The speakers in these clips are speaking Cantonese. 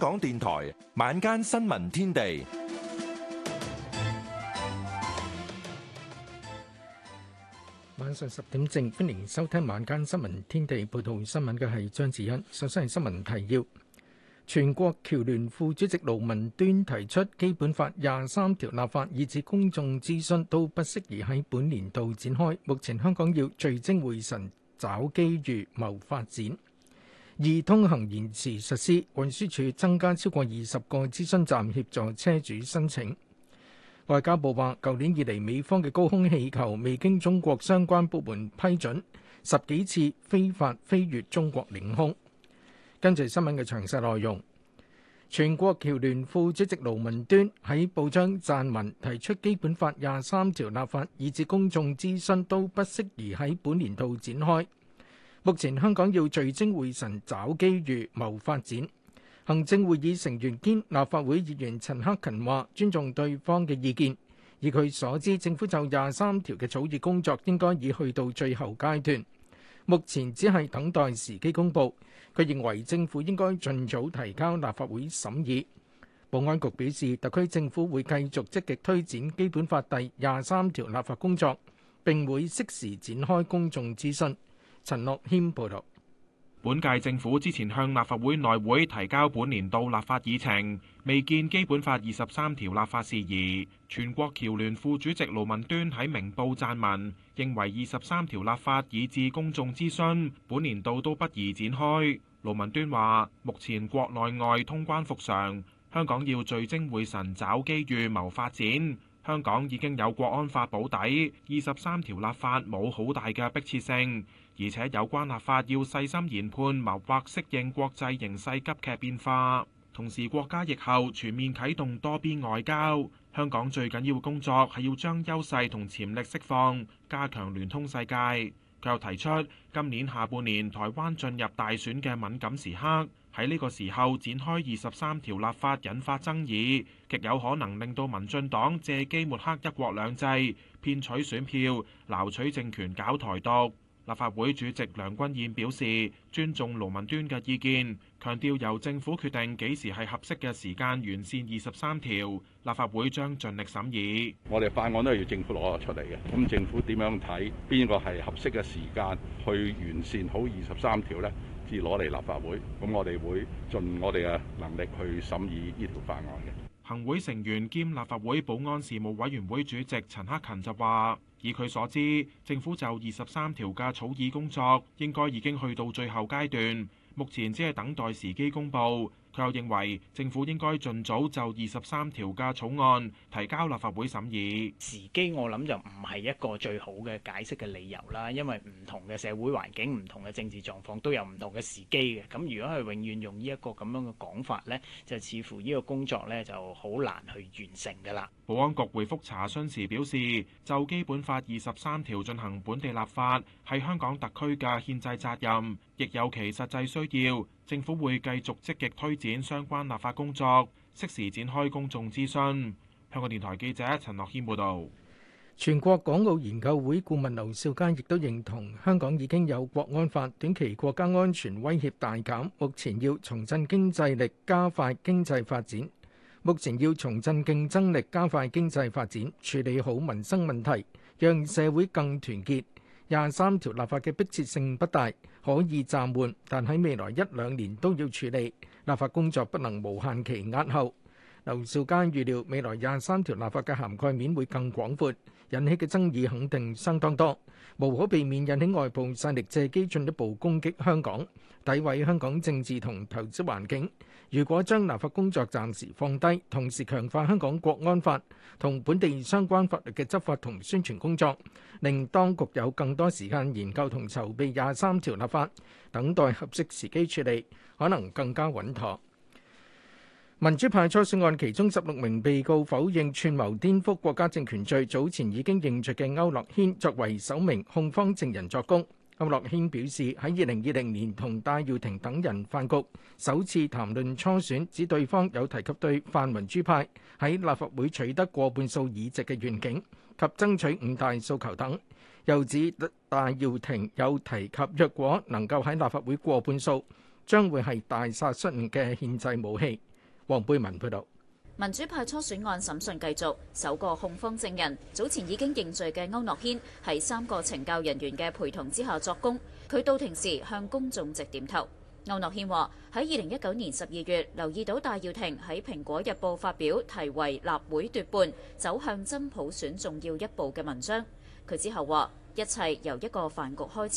港電台晚間新聞天地，晚上十點正，歡迎收聽晚間新聞天地。報道新聞嘅係張子欣，首先係新聞提要。全國僑聯副主席盧文端提出，基本法廿三條立法以至公眾諮詢都不適宜喺本年度展開。目前香港要聚精會神，找機遇謀發展。易通行延遲實施，運輸署增加超過二十個諮詢站協助車主申請。外交部話，舊年以嚟，美方嘅高空氣球未經中國相關部門批准，十幾次非法飛越中國領空。跟住新聞嘅詳細內容，全國僑聯副主席盧文端喺報章撰文提出，基本法廿三條立法以至公眾諮詢都不適宜喺本年度展開。目前香港要聚精會神找機遇謀發展。行政會議成員兼立法會議員陳克勤話尊重對方嘅意見，以佢所知，政府就廿三條嘅草擬工作應該已去到最後階段，目前只係等待時機公布，佢認為政府應該盡早提交立法會審議，保安局表示，特區政府會繼續積極推展基本法第廿三條立法工作，並會適時展開公眾諮詢。陳樂謙報道，本屆政府之前向立法會內會提交本年度立法議程，未見基本法二十三條立法事宜。全國僑聯副主席盧文端喺明報撰文，認為二十三條立法以至公眾諮詢，本年度都不宜展開。盧文端話：目前國內外通關復常，香港要聚精會神找機遇謀發展。香港已經有國安法保底，二十三條立法冇好大嘅迫切性。而且有關立法要細心研判，謀劃適應國際形勢急劇變化。同時國家疫後全面啟動多邊外交。香港最緊要工作係要將優勢同潛力釋放，加強聯通世界。佢又提出，今年下半年台灣進入大選嘅敏感時刻，喺呢個時候展開二十三條立法，引發爭議，極有可能令到民進黨借機抹黑一國兩制，騙取選票，撈取政權，搞台獨。立法會主席梁君彥表示，尊重盧文端嘅意見，強調由政府決定幾時係合適嘅時間完善二十三條。立法會將盡力審議。我哋法案都係要政府攞出嚟嘅，咁政府點樣睇邊個係合適嘅時間去完善好二十三條呢？至攞嚟立法會，咁我哋會盡我哋嘅能力去審議呢條法案嘅。行會成員兼立法會保安事務委員會主席陳克勤就話。以佢所知，政府就二十三條嘅草擬工作應該已經去到最後階段，目前只係等待時機公佈。佢又認為政府應該盡早就二十三條嘅草案提交立法會審議。時機我諗就唔係一個最好嘅解釋嘅理由啦。因為唔同嘅社會環境、唔同嘅政治狀況都有唔同嘅時機嘅。咁如果係永遠用呢一個咁樣嘅講法呢，就似乎呢個工作呢就好難去完成㗎喇。保安局回覆查詢時表示，就基本法二十三條進行本地立法，係香港特區嘅憲制責任，亦有其實際需要。政府會繼續積極推展相關立法工作，適時展開公眾諮詢。香港電台記者陳樂軒報導。全國港澳研究會顧問劉兆佳亦都認同，香港已經有國安法，短期國家安全威脅大減。目前要重振經濟力，加快經濟發展；目前要重振競爭力，加快經濟發展，處理好民生問題，讓社會更團結。廿三條立法嘅迫切性不大。可以暫緩，但喺未來一兩年都要處理。立法工作不能無限期押後。劉兆佳預料，未來廿三條立法嘅涵蓋面會更廣闊。引起嘅爭議肯定相當多，無可避免引起外部勢力借機進一步攻擊香港，詆毀香港政治同投資環境。如果將立法工作暫時放低，同時強化香港國安法同本地相關法律嘅執法同宣傳工作，令當局有更多時間研究同籌備廿三條立法，等待合適時機處理，可能更加穩妥。民主派初選案，其中十六名被告否認串謀顛覆國家政權罪。早前已經認罪嘅區諾軒作為首名控方證人作供。區諾軒表示喺二零二零年同戴耀廷等人飯局，首次談論初選，指對方有提及對泛民主派喺立法會取得過半數議席嘅願景及爭取五大訴求等。又指戴耀廷有提及，若果能夠喺立法會過半數，將會係大殺傷力嘅憲制武器。黃貝文報道，民主派初選案審訊繼續，首個控方證人早前已經認罪嘅區諾軒，喺三個懲教人員嘅陪同之下作供。佢到庭時向公眾直點頭。區諾軒話：喺二零一九年十二月，留意到戴耀廷喺《蘋果日報》發表題為《立會奪半，走向真普選重要一步》嘅文章。佢之後話：一切由一個飯局開始，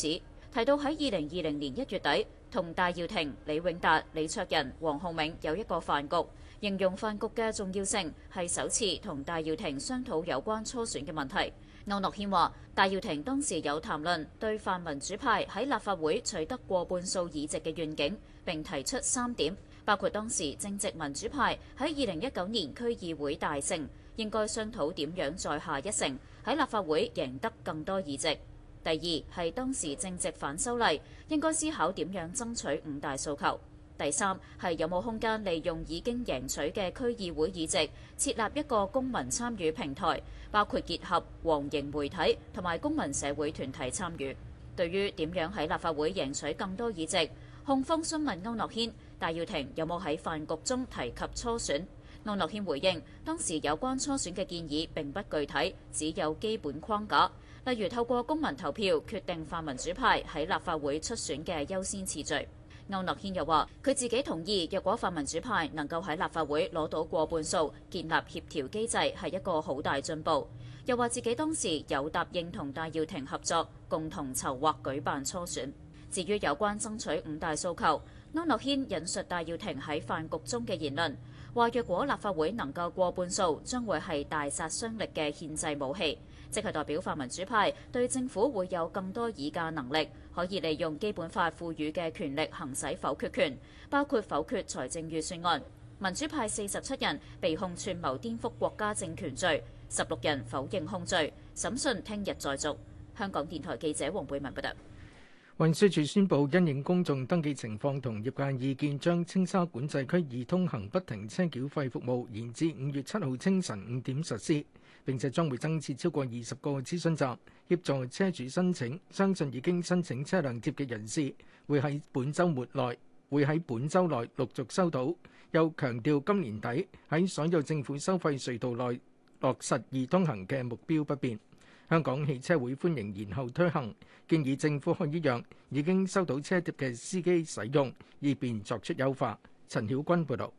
提到喺二零二零年一月底。同戴耀廷、李永達、李卓人、黃浩銘有一個飯局，形容飯局嘅重要性係首次同戴耀廷商討有關初選嘅問題。區諾軒話：戴耀廷當時有談論對泛民主派喺立法會取得過半數議席嘅願景，並提出三點，包括當時正值民主派喺二零一九年區議會大勝，應該商討點樣再下一城喺立法會贏得更多議席。第二係當時正值反修例，應該思考點樣爭取五大訴求。第三係有冇空間利用已經贏取嘅區議會議席，設立一個公民參與平台，包括結合黃營媒體同埋公民社會團體參與。對於點樣喺立法會贏取更多議席，控方詢問區諾軒戴耀廷有冇喺飯局中提及初選。區諾軒回應當時有關初選嘅建議並不具體，只有基本框架。例如透過公民投票決定泛民主派喺立法會出選嘅優先次序。區諾軒又話：佢自己同意，若果泛民主派能夠喺立法會攞到過半數，建立協調機制係一個好大進步。又話自己當時有答應同戴耀廷合作，共同籌劃舉辦初選。至於有關爭取五大訴求，區諾軒引述戴耀廷喺飯局中嘅言論，話若果立法會能夠過半數，將會係大殺傷力嘅憲制武器。即係代表泛民主派對政府會有更多議價能力，可以利用基本法賦予嘅權力行使否決權，包括否決財政預算案。民主派四十七人被控串謀顛覆國家政權罪，十六人否認控罪，審訊聽日再續。香港電台記者黃貝文報道。運輸署宣布，因應公眾登記情況同業界意見，將青沙管制區易通行不停車繳費服務延至五月七號清晨五點實施。並且將會增設超過二十個諮詢站，協助車主申請，相信已經申請車輛貼嘅人士會喺本週末內會喺本週內陸續收到。又強調今年底喺所有政府收費隧道內落實易通行嘅目標不變。香港汽車會歡迎延後推行，建議政府可以讓已經收到車貼嘅司機使用，以便作出優化。陳曉君報導。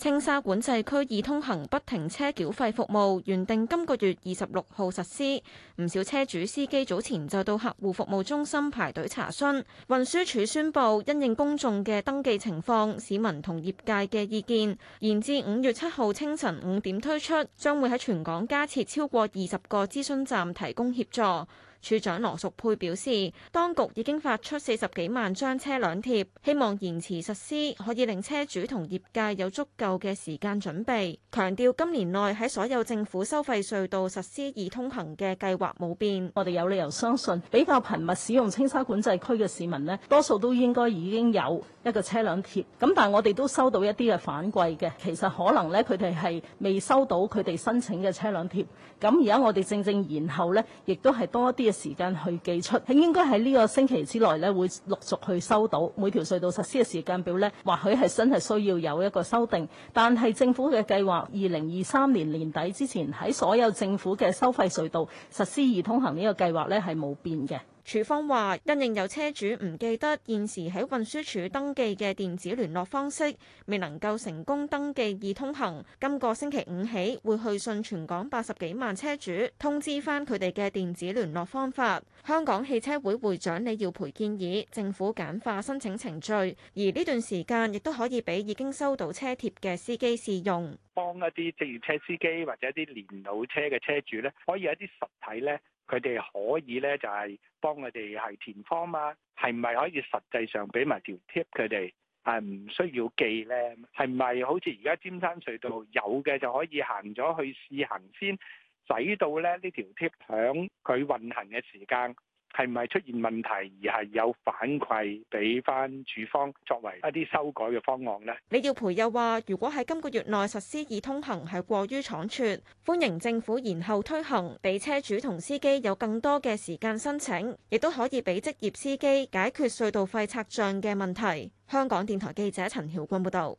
青沙管制區易通行不停車繳費服務原定今個月二十六號實施，唔少車主司機早前就到客戶服務中心排隊查詢。運輸署宣布，因應公眾嘅登記情況、市民同業界嘅意見，延至五月七號清晨五點推出，將會喺全港加設超過二十個諮詢站提供協助。署長羅淑佩表示，當局已經發出四十幾萬張車輛貼，希望延遲實施，可以令車主同業界有足夠嘅時間準備。強調今年內喺所有政府收費隧道實施易通行嘅計劃冇變。我哋有理由相信，比較頻密使用青沙管制區嘅市民呢，多數都應該已經有一個車輛貼，咁但係我哋都收到一啲嘅反饋嘅，其實可能咧佢哋係未收到佢哋申請嘅車輛貼。咁而家我哋正正然後咧，亦都係多一啲嘅時間去寄出，應該喺呢個星期之內咧會陸續去收到每條隧道實施嘅時間表咧，或許係真係需要有一個修訂，但係政府嘅計劃二零二三年年底之前喺所有政府嘅收費隧道實施易通行呢個計劃咧係冇變嘅。處方話：因應有車主唔記得現時喺運輸署登記嘅電子聯絡方式，未能夠成功登記易通行，今個星期五起會去信全港八十幾萬車主，通知翻佢哋嘅電子聯絡方法。香港汽車會會長李耀培建議政府簡化申請程序，而呢段時間亦都可以俾已經收到車貼嘅司機試用，幫一啲直營車司機或者一啲年老車嘅車主咧，可以有一啲實體咧。佢哋可以呢，就係、是、幫佢哋係填方嘛、啊，係咪可以實際上畀埋條 tip 佢哋係唔需要記呢？係咪好似而家尖山隧道有嘅就可以行咗去試行先，使到呢呢條 tip 響佢運行嘅時間？係唔係出現問題，而係有反饋俾翻主方作為一啲修改嘅方案呢？李耀培又話：如果喺今個月內實施易通行，係過於倉促，歡迎政府延後推行，俾車主同司機有更多嘅時間申請，亦都可以俾職業司機解決隧道費拆賬嘅問題。香港電台記者陳曉君報道。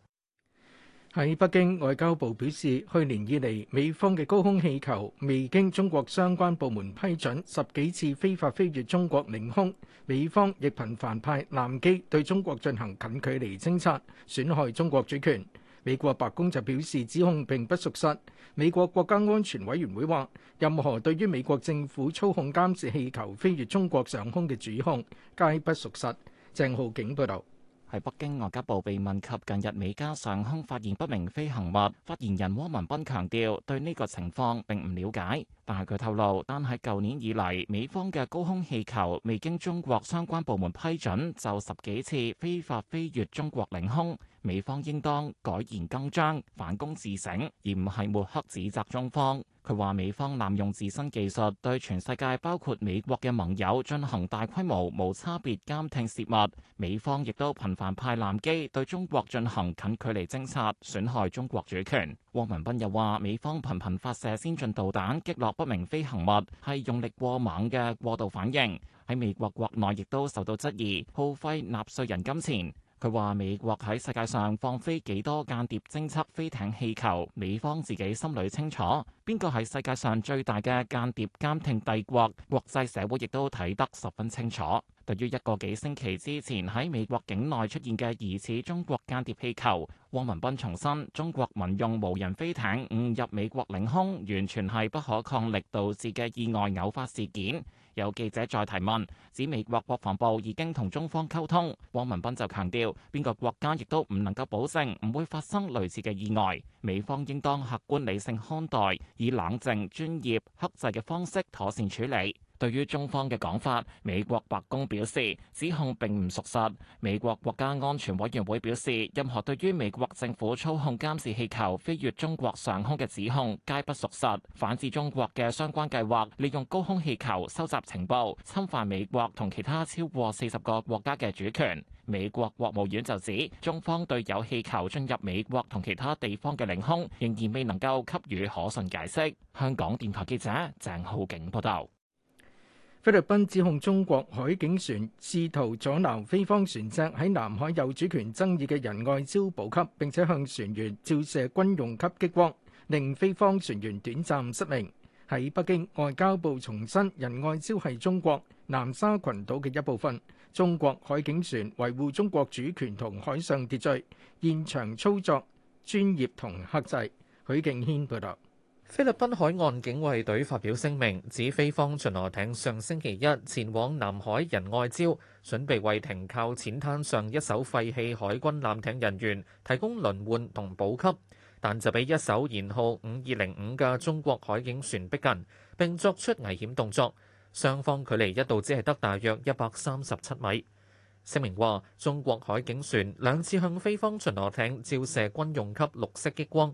喺北京，外交部表示，去年以嚟，美方嘅高空氣球未經中國相關部門批准，十幾次非法飛越中國領空，美方亦頻繁派艦機對中國進行近距離偵察，損害中國主權，美國白宮就表示指控並不屬實，美國國家安全委員會話任何對於美國政府操控監視氣球飛越中國上空嘅指控，皆不屬實，鄭浩景報道。喺北京，外交部被問及近日美加上空發現不明飛行物，發言人汪文斌強調對呢個情況並唔了解，但係佢透露，單喺舊年以嚟，美方嘅高空氣球未經中國相關部門批准，就十幾次非法飛越中國領空，美方應當改言更張，反攻自省，而唔係抹黑指責中方。佢話美方濫用自身技術對全世界，包括美國嘅盟友進行大規模無差別監聽竊密。美方亦都頻繁派艦機對中國進行近距離偵察，損害中國主權。汪文斌又話美方頻頻發射先進導彈擊落不明飛行物，係用力過猛嘅過度反應，喺美國國內亦都受到質疑，耗費納稅人金錢。佢話美國喺世界上放飛幾多間諜偵測飛艇氣球，美方自己心裏清楚。邊個係世界上最大嘅間諜監聽帝國？國際社會亦都睇得十分清楚。對於一個幾星期之前喺美國境內出現嘅疑似中國間諜氣球，汪文斌重申：中國民用無人飛艇誤入美國領空，完全係不可抗力導致嘅意外偶發事件。有記者再提問，指美國國防部已經同中方溝通，汪文斌就強調，邊個國家亦都唔能夠保證唔會發生類似嘅意外，美方應當客觀理性看待，以冷靜、專業、克制嘅方式妥善處理。對於中方嘅講法，美國白宮表示指控並唔屬實。美國國家安全委員會表示，任何對於美國政府操控監視氣球飛越中國上空嘅指控皆不屬實。反致中國嘅相關計劃，利用高空氣球收集情報，侵犯美國同其他超過四十個國家嘅主權。美國國務院就指，中方對有氣球進入美國同其他地方嘅領空，仍然未能夠給予可信解釋。香港電台記者鄭浩景報道。菲律賓指控中國海警船試圖阻撓菲方船隻喺南海有主權爭議嘅仁愛礁補給，並且向船員照射軍用級激光，令菲方船員短暫失明。喺北京，外交部重申仁愛礁係中國南沙群島嘅一部分，中國海警船維護中國主權同海上秩序，現場操作專業同克制。許敬軒報道。菲律賓海岸警衛隊發表聲明，指菲方巡邏艇上星期一前往南海仁愛礁，準備為停靠淺灘上一艘廢棄海軍艦艇人員提供輪換同補給，但就俾一艘舷號五二零五嘅中國海警船逼近，並作出危險動作，雙方距離一度只係得大約一百三十七米。聲明話，中國海警船兩次向菲方巡邏艇照射軍用級綠色激光。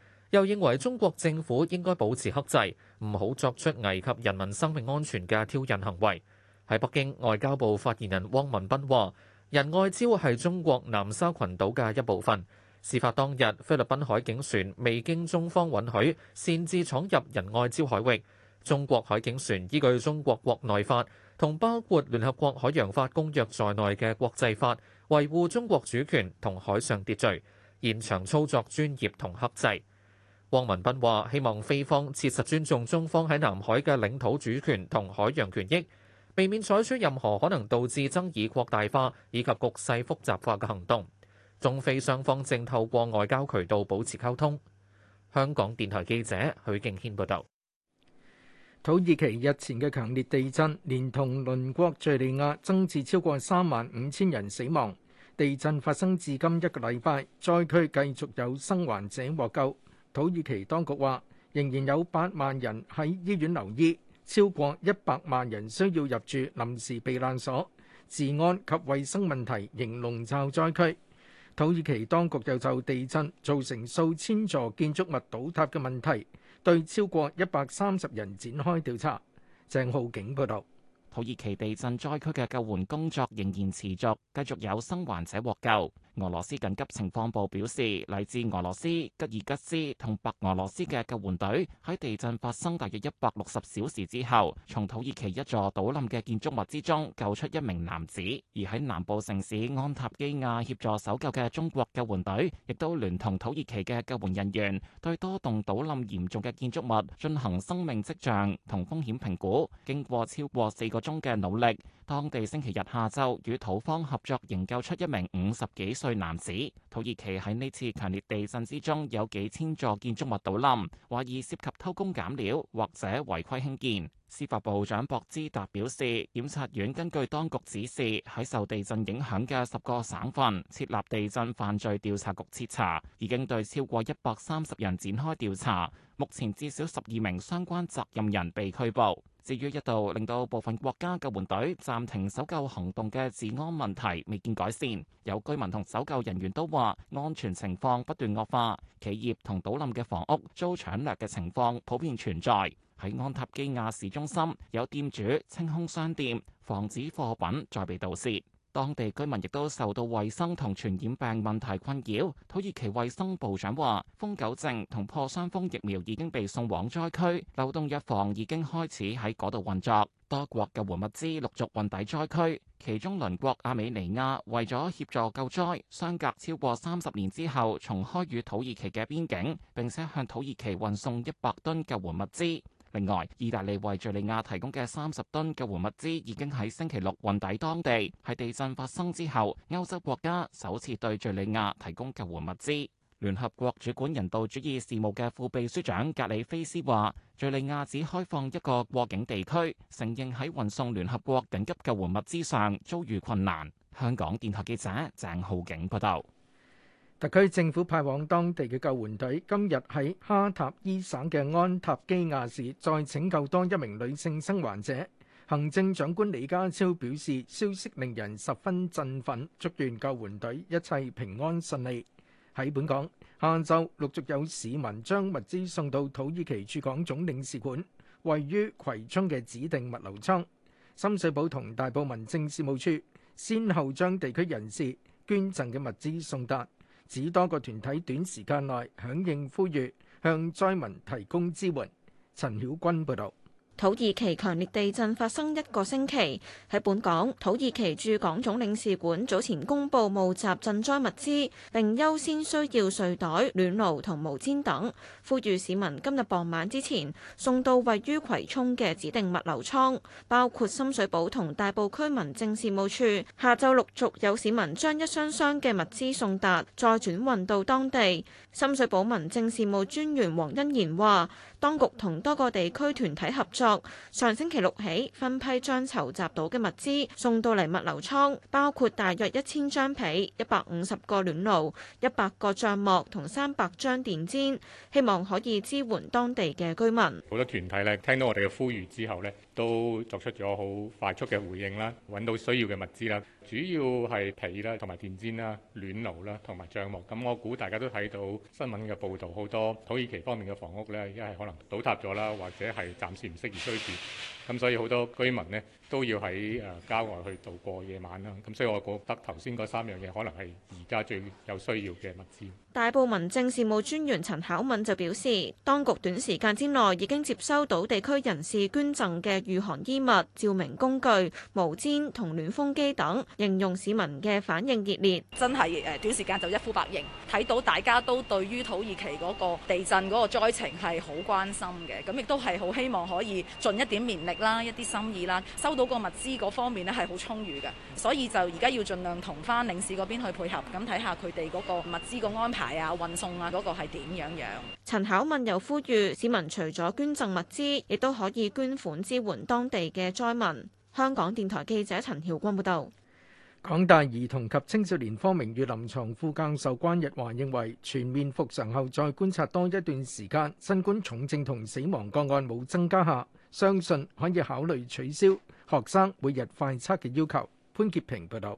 又認為中國政府應該保持克制，唔好作出危及人民生命安全嘅挑釁行為。喺北京，外交部發言人汪文斌話，仁愛礁係中國南沙群島嘅一部分。事發當日，菲律賓海警船未經中方允許，擅自闖入仁愛礁海域。中國海警船依據中國國內法同包括聯合國海洋法公約在內嘅國際法，維護中國主權同海上秩序，現場操作專業同克制。汪文斌話，希望菲方切實尊重中方喺南海嘅領土主權同海洋權益，避免採取任何可能導致爭議擴大化以及局勢複雜化嘅行動。中菲雙方正透過外交渠道保持溝通。香港電台記者許敬軒報道，土耳其日前嘅強烈地震連同鄰國敘利亞，增至超過三萬五千人死亡。地震發生至今一個禮拜，災區繼續有生還者獲救。土耳其當局話，仍然有八萬人喺醫院留醫，超過一百萬人需要入住臨時避難所。治安及衛生問題仍籠罩災區。土耳其當局又就地震造成數千座建築物倒塌嘅問題，對超過一百三十人展開調查。鄭浩景報道，土耳其地震災區嘅救援工作仍然持續，繼續有生還者獲救。俄羅斯緊急情況部表示，嚟自俄羅斯、吉爾吉斯同白俄羅斯嘅救援隊喺地震發生大約一百六十小時之後，從土耳其一座倒冧嘅建築物之中救出一名男子。而喺南部城市安塔基亞協助搜救嘅中國救援隊，亦都聯同土耳其嘅救援人員，對多棟倒冧嚴重嘅建築物進行生命跡象同風險評估。經過超過四個鐘嘅努力，當地星期日下晝與土方合作營救出一名五十幾歲歲男子。土耳其喺呢次強烈地震之中有幾千座建築物倒冧，懷疑涉及偷工減料或者違規興建。司法部長博茲達表示，檢察院根據當局指示喺受地震影響嘅十個省份設立地震犯罪調查局，徹查，已經對超過一百三十人展開調查，目前至少十二名相關責任人被拘捕。至於一度令到部分國家救援隊暫停搜救行動嘅治安問題未見改善，有居民同搜救人員都話安全情況不斷惡化，企業同倒冧嘅房屋遭搶掠嘅情況普遍存在。喺安塔基亞市中心，有店主清空商店，防止貨品再被盜竊。當地居民亦都受到衛生同傳染病問題困擾。土耳其衛生部長話，瘋狗症同破傷風疫苗已經被送往災區，流動藥房已經開始喺嗰度運作。多國救援物資陸續運抵災區，其中鄰國亞美尼亞為咗協助救災，相隔超過三十年之後重開與土耳其嘅邊境，並且向土耳其運送一百噸救援物資。另外，意大利為敍利亞提供嘅三十噸救援物資已經喺星期六運抵當地，喺地震發生之後，歐洲國家首次對敍利亞提供救援物資。聯合國主管人道主義事務嘅副秘書長格里菲斯話，敍利亞只開放一個過境地區，承認喺運送聯合國緊急救援物資上遭遇困難。香港電台記者鄭浩景報道。特區政府派往當地嘅救援隊今日喺哈塔伊省嘅安塔基亞市再拯救多一名女性生還者。行政長官李家超表示，消息令人十分振奮，祝願救援隊一切平安順利。喺本港下晝，陸續有市民將物資送到土耳其駐港總領事館位於葵涌嘅指定物流倉，深水埗同大埔民政事務處先後將地區人士捐贈嘅物資送達。指多個團體短時間內響應呼籲，向災民提供支援。陳曉君報導。土耳其強烈地震發生一個星期，喺本港土耳其駐港總領事館早前公布募集賑災物資，並優先需要睡袋、暖爐同毛毯等，呼籲市民今日傍晚之前送到位於葵涌嘅指定物流倉，包括深水埗同大埔區民政事務處。下晝陸續有市民將一箱箱嘅物資送達，再轉運到當地。深水埗民政事務專員黃欣賢話。當局同多個地區團體合作，上星期六起分批將籌集到嘅物資送到嚟物流倉，包括大約一千張被、一百五十個暖爐、一百個帳幕同三百張電氈，希望可以支援當地嘅居民。好多團體咧，聽到我哋嘅呼籲之後咧，都作出咗好快速嘅回應啦，揾到需要嘅物資啦。主要係被啦，同埋電氈啦、暖爐啦，同埋帳幕。咁我估大家都睇到新聞嘅報導，好多土耳其方面嘅房屋咧，一係可能倒塌咗啦，或者係暫時唔適宜居住。咁所以好多居民呢，都要喺郊外去度過夜晚啦。咁所以我覺得頭先嗰三樣嘢可能係而家最有需要嘅物資。大埔民政事務專員陳巧敏就表示，當局短時間之內已經接收到地區人士捐贈嘅御寒衣物、照明工具、毛氈同暖風機等，形容市民嘅反應熱烈，真係誒短時間就一呼百應，睇到大家都對於土耳其嗰個地震嗰個災情係好關心嘅，咁亦都係好希望可以盡一點綿力啦，一啲心意啦，收到個物資嗰方面咧係好充裕嘅，所以就而家要儘量同翻領事嗰邊去配合，咁睇下佢哋嗰個物資個安排。係啊，運送啊，嗰個係點樣樣？陳巧敏又呼籲市民除咗捐贈物資，亦都可以捐款支援當地嘅災民。香港電台記者陳曉君報導。港大兒童及青少年科名譽臨牀副教授關日華認為，全面復常後再觀察多一段時間，新冠重症同死亡個案冇增加下，相信可以考慮取消學生每日快測嘅要求。潘潔平報導。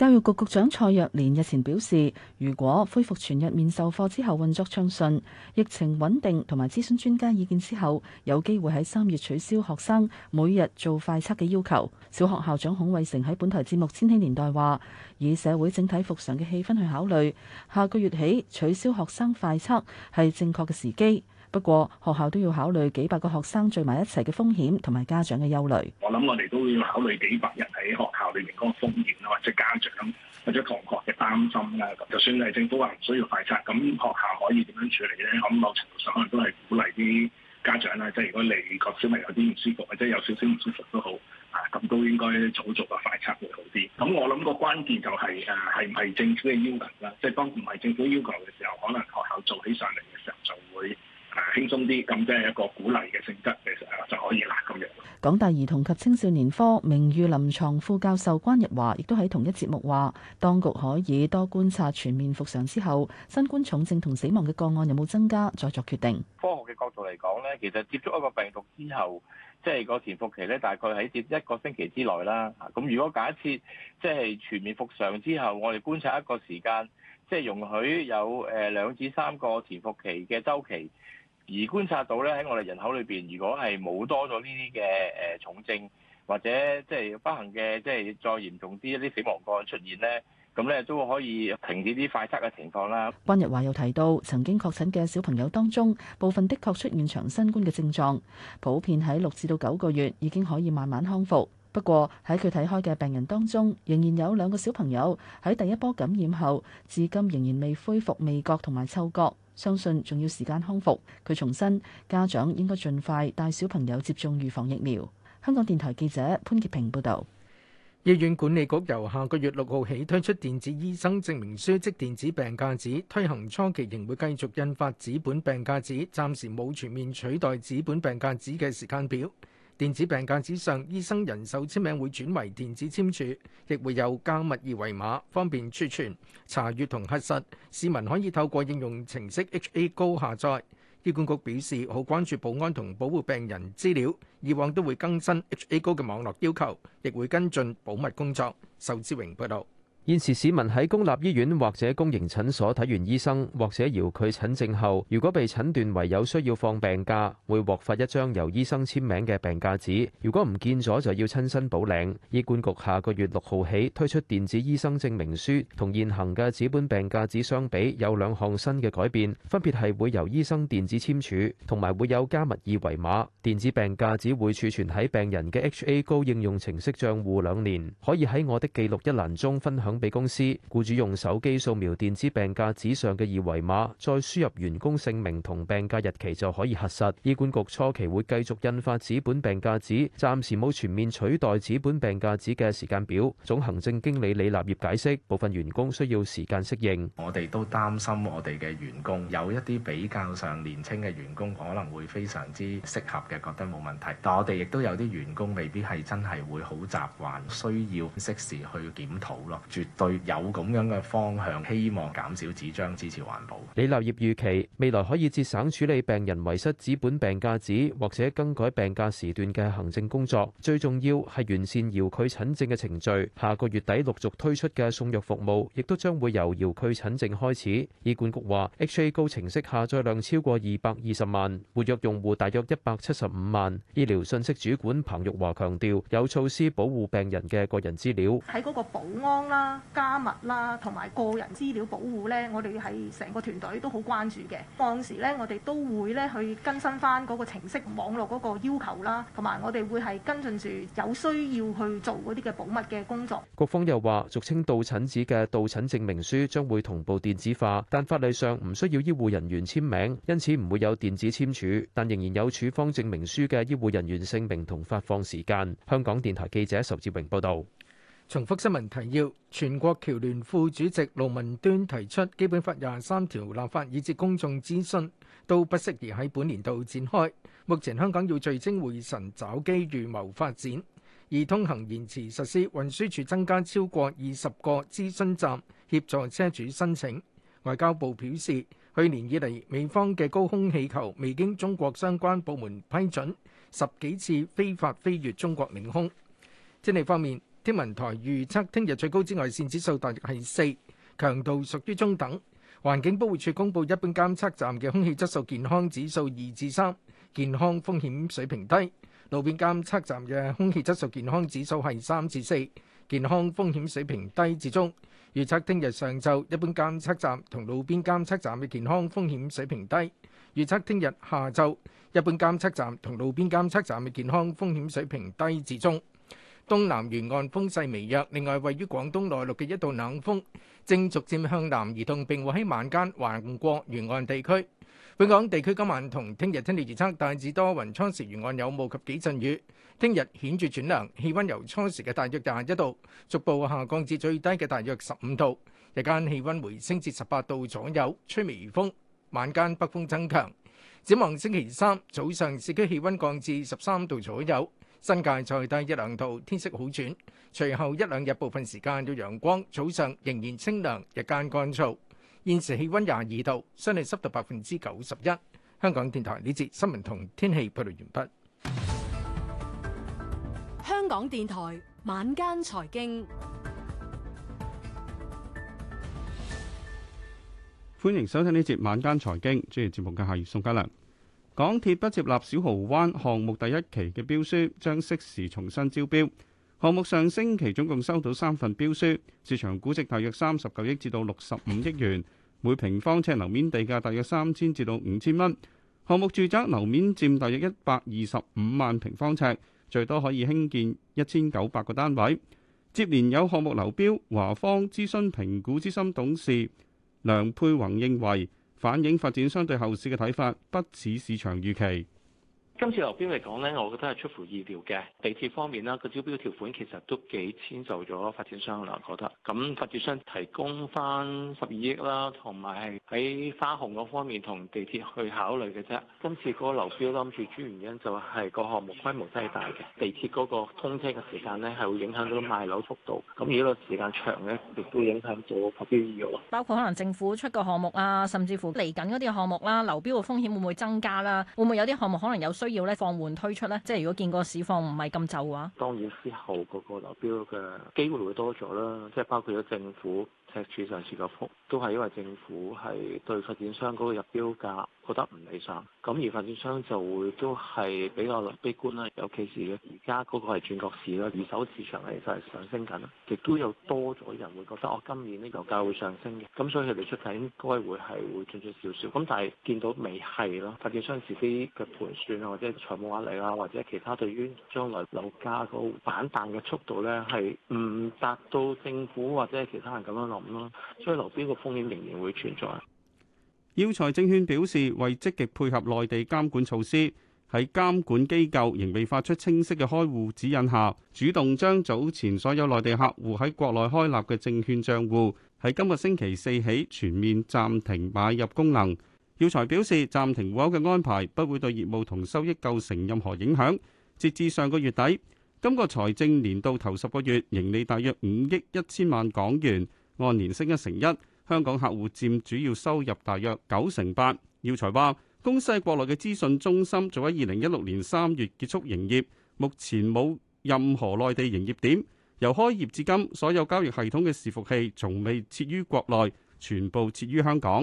教育局局長蔡若蓮日前表示，如果恢復全日面授課之後運作暢順、疫情穩定同埋諮詢專家意見之後，有機會喺三月取消學生每日做快測嘅要求。小學校長孔衛成喺本台節目《千禧年代》話，以社會整體復常嘅氣氛去考慮，下個月起取消學生快測係正確嘅時機。不過學校都要考慮幾百個學生聚埋一齊嘅風險同埋家長嘅憂慮。我諗我哋都要考慮幾百人喺學。嘅員工風險啦，或者家長或者同學嘅擔心啦，咁就算係政府話唔需要快測，咁學校可以點樣處理咧？我諗某程度上可能都係鼓勵啲家長啦，即係如果你個小朋友有啲唔舒服，或者有少少唔舒服都好，啊咁都應該早做個快測會好啲。咁我諗個關鍵就係誒係唔係政府嘅要求啦，即係當唔係政府要求嘅時候，可能學校做起上嚟嘅時候就會輕鬆啲，咁即係一個鼓勵嘅性質，其實就可以啦咁樣。港大兒童及青少年科名譽臨床副教授關日華亦都喺同一節目話，當局可以多觀察全面復常之後，新冠重症同死亡嘅個案有冇增加，再作決定。科學嘅角度嚟講呢，其實接觸一個病毒之後，即係個潛伏期咧，大概喺一一個星期之內啦。咁如果假設即係全面復常之後，我哋觀察一個時間，即係容許有誒兩至三個潛伏期嘅周期。而觀察到咧喺我哋人口裏邊，如果係冇多咗呢啲嘅誒重症，或者即係不幸嘅即係再嚴重啲一啲死亡個案出現咧，咁咧都可以停止啲快測嘅情況啦。關日華又提到，曾經確診嘅小朋友當中，部分的確出現長新冠嘅症狀，普遍喺六至到九個月已經可以慢慢康復。不過喺佢睇開嘅病人當中，仍然有兩個小朋友喺第一波感染後，至今仍然未恢復味覺同埋嗅覺，相信仲要時間康復。佢重申，家長應該盡快帶小朋友接種預防疫苗。香港電台記者潘潔平報道，醫院管理局由下個月六號起推出電子醫生證明書，即電子病假紙。推行初期仍會繼續印發紙本病假紙，暫時冇全面取代紙本病假紙嘅時間表。電子病假紙上，醫生人手簽名會轉為電子簽署，亦會有加密二維碼，方便儲存、查閱同核實。市民可以透過應用程式 HA 高下載。醫管局表示，好關注保安同保護病人資料，以往都會更新 HA 高嘅網絡要求，亦會跟進保密工作。仇志榮報導。現時市民喺公立醫院或者公營診所睇完醫生或者遙距診症後，如果被診斷為有需要放病假，會獲發一張由醫生簽名嘅病假紙。如果唔見咗，就要親身補領。醫管局下個月六號起推出電子醫生證明書，同現行嘅紙本病假紙相比，有兩項新嘅改變，分別係會由醫生電子簽署，同埋會有加密二維碼。電子病假紙會儲存喺病人嘅 H A 高應用程式賬戶兩年，可以喺我的記錄一欄中分享。俾公司僱主用手機掃描電子病假紙上嘅二維碼，再輸入員工姓名同病假日期就可以核實。醫管局初期會繼續印發紙本病假紙，暫時冇全面取代紙本病假紙嘅時間表。總行政經理李立業解釋，部分員工需要時間適應。我哋都擔心我哋嘅員工有一啲比較上年青嘅員工可能會非常之適合嘅，覺得冇問題，但我哋亦都有啲員工未必係真係會好習慣，需要適時去檢討咯。絕對有咁樣嘅方向，希望減少紙張，支持環保。李立業預期未來可以節省處理病人遺失紙本病假紙或者更改病假時段嘅行政工作。最重要係完善遙距診症嘅程序。下個月底陸續推出嘅送藥服務，亦都將會由遙距診症開始。醫管局話，H A 高程式下載量超過二百二十萬，活躍用戶大約一百七十五萬。醫療信息主管彭玉華強調，有措施保護病人嘅個人資料喺嗰個保安啦、啊，加密啦，同埋個人資料保護咧，我哋係成個團隊都好關注嘅。當時咧，我哋都會咧去更新翻嗰個程式、網絡嗰個要求啦，同埋我哋會係跟進住有需要去做嗰啲嘅保密嘅工作。局方又話，俗稱到診紙嘅到診證明書將會同步電子化，但法例上唔需要醫護人員簽名，因此唔會有電子簽署，但仍然有處方證明書嘅醫護人員姓名同發放時間。香港電台記者仇志榮報導。重複新聞提要：全國僑聯副主席盧文端提出，《基本法》廿三條立法以至公眾諮詢都不適宜喺本年度展開。目前香港要聚精會神找機遇謀發展，而通行延遲實施，運輸署增加超過二十個諮詢站協助車主申請。外交部表示，去年以嚟，美方嘅高空氣球未經中國相關部門批准，十幾次非法飛越中國領空。天氣方面。天文台預測聽日最高紫外線指數大約係四，強度屬於中等。環境保護署公佈一般監測站嘅空氣質素健康指數二至三，健康風險水平低；路邊監測站嘅空氣質素健康指數係三至四，健康風險水平低至中。預測聽日上晝一般監測站同路邊監測站嘅健康風險水平低。預測聽日下晝一般監測站同路邊監測站嘅健康風險水平低至中。東南沿岸風勢微弱，另外位於廣東內陸嘅一道冷風正逐漸向南移動，並會喺晚間橫過沿岸地區。本港地區今晚同聽日天氣預測大致多雲，初時沿岸有霧及幾陣雨，聽日顯著轉涼，氣温由初時嘅大約廿一度，逐步下降至最低嘅大約十五度。日間氣温回升至十八度左右，吹微風，晚間北風增強。展望星期三早上，市區氣温降至十三度左右。新界再低一兩度，天色好轉。隨後一兩日部分時間有陽光，早上仍然清涼，日間乾燥。現時氣溫廿二度，相對濕度百分之九十一。香港電台呢節新聞同天氣報道完畢。香港電台晚間財經，歡迎收聽呢節晚間財經，主持節目嘅係宋嘉良。港鐵不接納小濠灣項目第一期嘅標書，將適時重新招標。項目上星期總共收到三份標書，市場估值大約三十九億至到六十五億元，每平方尺樓面地價大約三千至到五千蚊。項目住宅樓面佔大約一百二十五萬平方尺，最多可以興建一千九百個單位。接連有項目流標，華方諮詢評估資深董事梁佩宏認為，反映發展商對後市嘅睇法，不似市場預期。今次流標嚟講咧，我覺得係出乎意料嘅。地鐵方面啦，個招標條款其實都幾遷就咗發展商啦，我覺得咁發展商提供翻十二億啦，同埋係喺花紅嗰方面同地鐵去考慮嘅啫。今次嗰個流標諗住主要原因就係個項目規模真係大嘅，地鐵嗰個通車嘅時間咧係會影響到賣樓速度，咁如果時間長咧，亦都影響咗投資意欲。包括可能政府出嘅項目啊，甚至乎嚟緊嗰啲項目啦、啊，流標嘅風險會唔會增加啦、啊？會唔會有啲項目可能有需？要咧放緩推出咧，即係如果見個市況唔係咁就嘅話，當然之後嗰個流標嘅機會會多咗啦。即係包括咗政府赤柱上市個幅都係，因為政府係對發展商嗰個入標價覺得唔理想。咁而發展商就會都係比較悲觀啦，尤其是而家嗰個係轉角市啦，二手市場咧就係上升緊，亦都有多咗人會覺得我、哦、今年呢樓價會上升嘅，咁所以佢哋出價應該會係會進取少少。咁但係見到未係咯，發展商自己嘅盤算啊，或者財務壓力啊，或者其他對於將來樓價個反彈嘅速度咧，係唔達到政府或者其他人咁樣諗咯，所以流標個風險仍然會存在。耀才證券表示，為積極配合內地監管措施，喺監管機構仍未發出清晰嘅開戶指引下，主動將早前所有內地客戶喺國內開立嘅證券帳戶，喺今日星期四起全面暫停買入功能。耀才表示，暫停戶口嘅安排不會對業務同收益構成任何影響。截至上個月底，今個財政年度頭十個月盈利大約五億一千萬港元，按年升一成一。香港客戶佔主要收入，大約九成八。耀才話：公司國內嘅資訊中心早喺二零一六年三月結束營業，目前冇任何內地營業點。由開業至今，所有交易系統嘅伺服器從未設於國內，全部設於香港。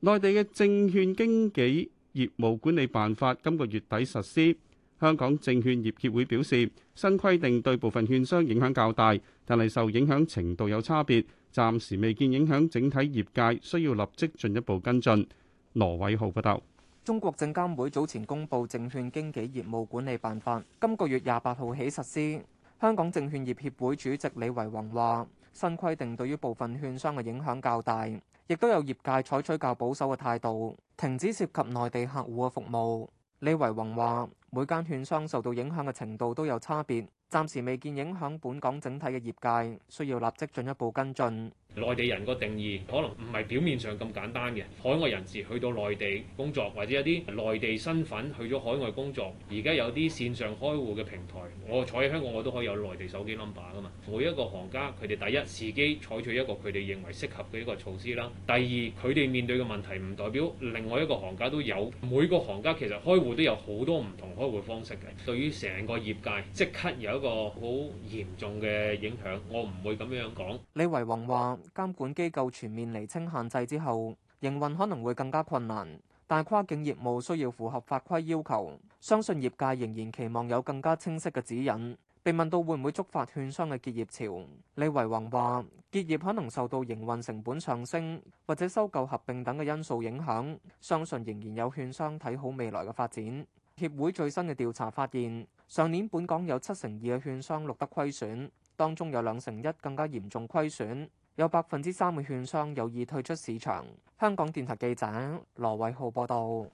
內地嘅證券經紀業務管理辦法今個月底實施。香港證券業協會表示，新規定對部分券商影響較大，但係受影響程度有差別，暫時未見影響整體業界，需要立即進一步跟進。羅偉浩報道。中國證監會早前公布證券經紀業務管理辦法，今個月廿八號起實施。香港證券業協會主席李維宏話：新規定對於部分券商嘅影響較大，亦都有業界採取較保守嘅態度，停止涉及內地客戶嘅服務。李維宏話。每間券商受到影響嘅程度都有差別。暫時未見影響本港整體嘅業界，需要立即進一步跟進。內地人個定義可能唔係表面上咁簡單嘅，海外人士去到內地工作，或者一啲內地身份去咗海外工作，而家有啲綫上開戶嘅平台，我坐喺香港我都可以有內地手機 number 㗎嘛。每一個行家佢哋第一，時機採取一個佢哋認為適合嘅一個措施啦；第二，佢哋面對嘅問題唔代表另外一個行家都有。每個行家其實開戶都有好多唔同開戶方式嘅。對於成個業界，即刻有一個。個好嚴重嘅影響，我唔會咁樣講。李維宏話監管機構全面厘清限制之後營運可能會更加困難，但跨境業務需要符合法規要求。相信業界仍然期望有更加清晰嘅指引。被問到會唔會觸發券商嘅結業潮，李維宏話結業可能受到營運成本上升或者收購合併等嘅因素影響，相信仍然有券商睇好未來嘅發展。協會最新嘅調查發現。上年本港有七成二嘅券商錄得虧損，當中有兩成一更加嚴重虧損，有百分之三嘅券商有意退出市場，香港電台記者羅偉浩報道。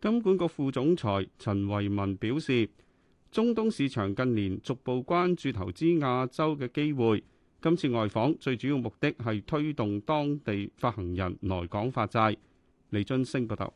金管局副總裁陳維民表示，中東市場近年逐步關注投資亞洲嘅機會，今次外訪最主要目的係推動當地發行人來港發債，李津升報道。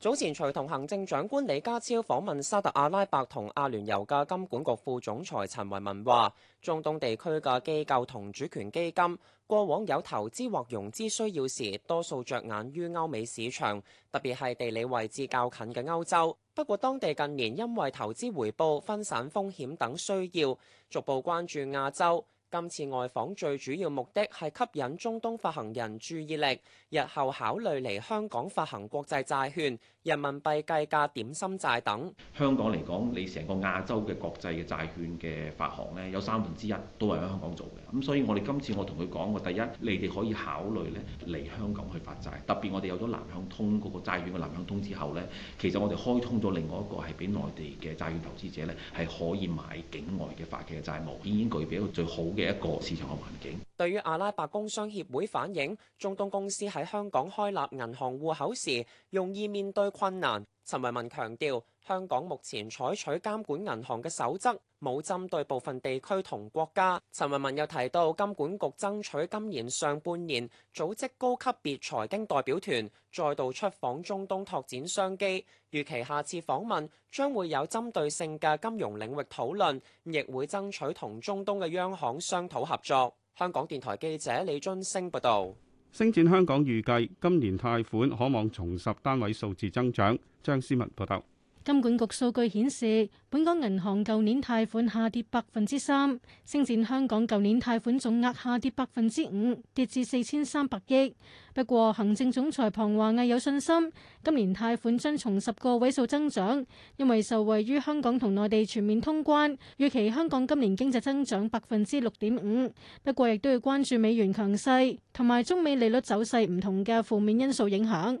早前隨同行政長官李家超訪問沙特阿拉伯同阿聯酋嘅金管局副總裁陳維民話，中東地區嘅機構同主權基金過往有投資或融資需要時，多數着眼於歐美市場，特別係地理位置較近嘅歐洲。不過當地近年因為投資回報、分散風險等需要，逐步關注亞洲。今次外訪最主要目的係吸引中東發行人注意力，日後考慮嚟香港發行國際債券、人民幣計價點心債等。香港嚟講，你成個亞洲嘅國際嘅債券嘅發行呢，有三分之一都係喺香港做嘅。咁所以，我哋今次我同佢講過，我第一，你哋可以考慮呢嚟香港去發債。特別我哋有咗南向通嗰個債券嘅南向通之後呢，其實我哋開通咗另外一個係俾內地嘅債券投資者呢，係可以買境外嘅發嘅債務，已經具備一個最好嘅。一個市場嘅環境。對於阿拉伯工商協會反映，中東公司喺香港開立銀行戶口時，容易面對困難。陳維文強調，香港目前採取監管銀行嘅守則，冇針對部分地區同國家。陳文文又提到，金管局爭取今年上半年組織高級別財經代表團，再度出訪中東拓展商機。預期下次訪問將會有針對性嘅金融領域討論，亦會爭取同中東嘅央行商討合作。香港電台記者李津星報導。星展香港預計今年貸款可望重拾單位數字增長。張思文報導。金管局數據顯示，本港銀行舊年貸款下跌百分之三，升佔香港舊年貸款總額下跌百分之五，跌至四千三百億。不過，行政總裁龐華毅有信心，今年貸款將從十個位數增長，因為受惠於香港同內地全面通關，預期香港今年經濟增長百分之六點五。不過，亦都要關注美元強勢同埋中美利率走勢唔同嘅負面因素影響。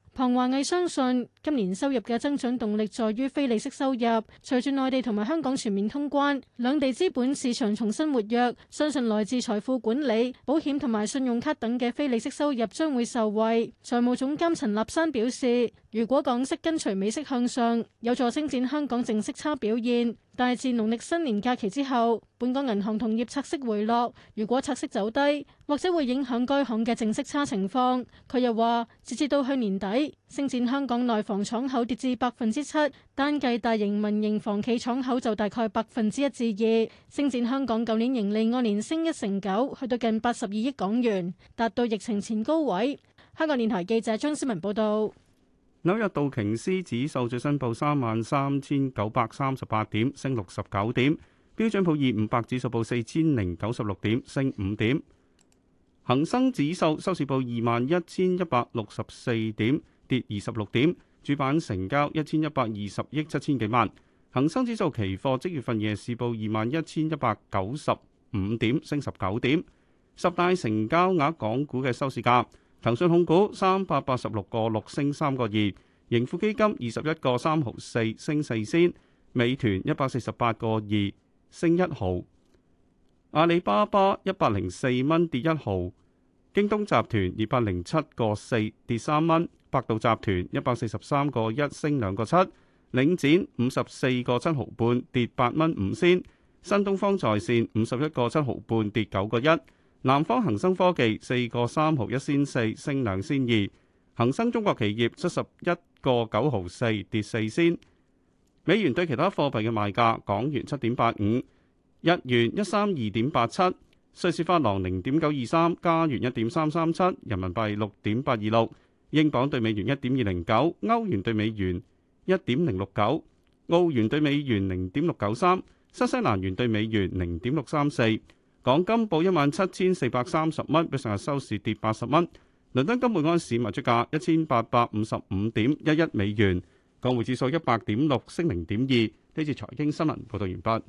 龐華毅相信今年收入嘅增長動力在於非利息收入，隨住內地同埋香港全面通關，兩地資本市場重新活躍，相信來自財富管理、保險同埋信用卡等嘅非利息收入將會受惠。財務總監陳立山表示，如果港息跟隨美息向上，有助升展香港淨息差表現。但自農曆新年假期之後，本港銀行同業拆息回落。如果拆息走低，或者會影響該行嘅淨息差情況。佢又話，截至到去年底，星展香港內房敞口跌至百分之七，單計大型民營房企敞口就大概百分之一至二。星展香港舊年盈利按年升一成九，去到近八十二億港元，達到疫情前高位。香港電台記者張思文報道。紐約道瓊斯指數最新報三萬三千九百三十八點，升六十九點；標準普爾五百指數報四千零九十六點，升五點；恒生指數收市報二萬一千一百六十四點，跌二十六點；主板成交一千一百二十億七千幾萬；恒生指數期貨即月份夜市報二萬一千一百九十五點，升十九點；十大成交額港股嘅收市價。騰訊控股三百八十六個六升三個二，盈富基金二十一個三毫四升四仙，美團一百四十八個二升一毫，阿里巴巴一百零四蚊跌一毫，京東集團二百零七個四跌三蚊，百度集團一百四十三個一升兩個七，領展五十四個七毫半跌八蚊五仙，新東方在線五十一個七毫半跌九個一。南方恒生科技四個三毫一仙四升兩仙二，恒生中國企業七十一個九毫四跌四仙。美元對其他貨幣嘅賣價：港元七點八五，日元一三二點八七，瑞士法郎零點九二三，加元一點三三七，人民幣六點八二六，英鎊對美元一點二零九，歐元對美元一點零六九，澳元對美元零點六九三，新西蘭元對美元零點六三四。港金報一萬七千四百三十蚊，比上日收市跌八十蚊。倫敦金每安士賣出價一千八百五十五點一一美元，港匯指數一百點六升零點二。呢次財經新聞報道完畢。